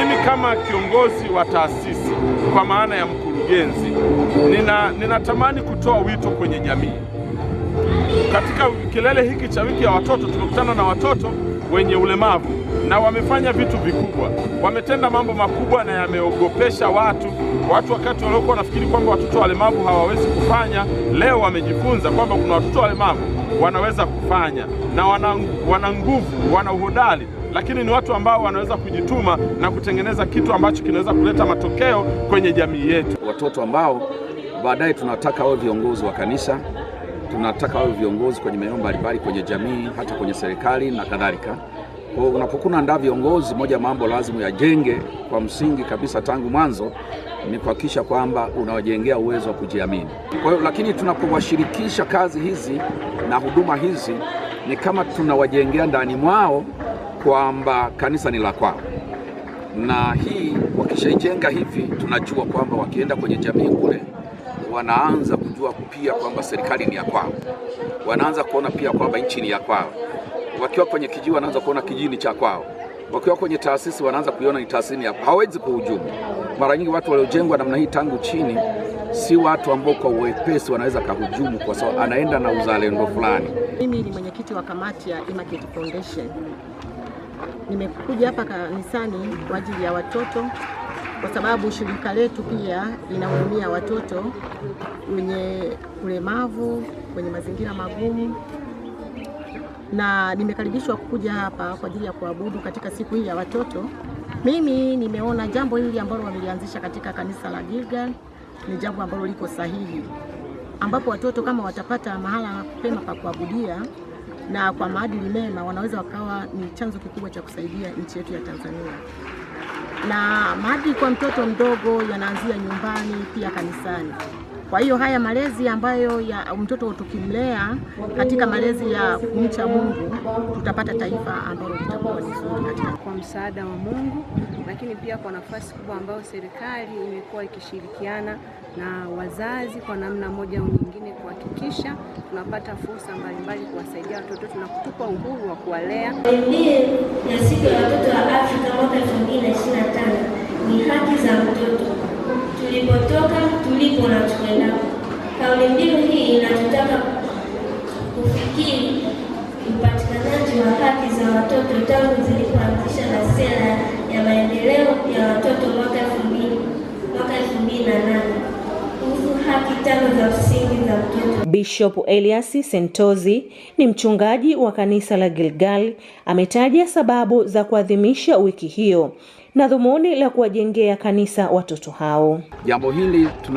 Mimi kama kiongozi wa taasisi kwa maana ya mkurugenzi, nina ninatamani kutoa wito kwenye jamii. Katika kilele hiki cha wiki ya watoto tumekutana na watoto wenye ulemavu na wamefanya vitu vikubwa, wametenda mambo makubwa na yameogopesha watu. Watu wakati waliokuwa wanafikiri kwamba watoto walemavu hawawezi kufanya, leo wamejifunza kwamba kuna watoto walemavu wanaweza kufanya na wana, nguvu, wana uhodari, lakini ni watu ambao wanaweza kujituma na kutengeneza kitu ambacho kinaweza kuleta matokeo kwenye jamii yetu, watoto ambao baadaye tunataka wawe viongozi wa kanisa tunataka wawe viongozi kwenye maeneo mbalimbali kwenye jamii, hata kwenye serikali na kadhalika. Kwa hiyo unapokuwa unaandaa viongozi, moja mambo lazima yajenge kwa msingi kabisa tangu mwanzo ni kuhakikisha kwamba unawajengea uwezo wa kujiamini. Kwa hiyo lakini tunapowashirikisha kazi hizi na huduma hizi ni kama tunawajengea ndani mwao kwamba kanisa ni la kwao, na hii wakishaijenga hivi, tunajua kwamba wakienda kwenye jamii kule wanaanza kujua pia kwamba serikali ni ya kwao, wanaanza kuona pia kwamba nchi ni ya kwao. Wakiwa kwenye kijiji wanaanza kuona kijini cha kwao, wakiwa kwenye taasisi wanaanza kuiona ni taasisi ya, hawawezi kuhujumu. Mara nyingi watu waliojengwa namna hii tangu chini si watu ambao kwa uwepesi wanaweza kahujumu, kwa sababu anaenda na uzalendo fulani. Mimi ni mwenyekiti wa kamati ya Immaculate Foundation. Nimekuja hapa kanisani kwa ajili ya watoto kwa sababu shirika letu pia linahudumia watoto wenye ulemavu, wenye mazingira magumu, na nimekaribishwa kuja hapa kwa ajili ya kuabudu katika siku hii ya watoto. Mimi nimeona jambo hili ambalo wamelianzisha katika kanisa la Gilgal ni jambo ambalo liko sahihi, ambapo watoto kama watapata mahala pema pa kuabudia na kwa maadili mema, wanaweza wakawa ni chanzo kikubwa cha kusaidia nchi yetu ya Tanzania na maadili kwa mtoto mdogo yanaanzia nyumbani, pia kanisani. Kwa hiyo haya malezi ambayo ya mtoto tukimlea katika malezi ya kumcha Mungu, tutapata taifa ambalo litakuwa nzuri kwa msaada wa Mungu, lakini pia kwa nafasi kubwa ambayo serikali imekuwa ikishirikiana na wazazi kwa namna moja au nyingine kuhakikisha tunapata fursa mbalimbali kuwasaidia watoto na kutupa uhuru wa kuwalea. na siku ya watoto wa Afrika mwaka tatu tangu zilipoanzishwa na sera ya maendeleo ya watoto mwaka elfu mbili mwaka elfu mbili na nane kuhusu haki tano za msingi za mtoto. Bishop Elias Sentozi ni mchungaji wa kanisa la Gilgal, ametaja sababu za kuadhimisha wiki hiyo na dhumuni la kuwajengea kanisa watoto hao. Jambo hili tunali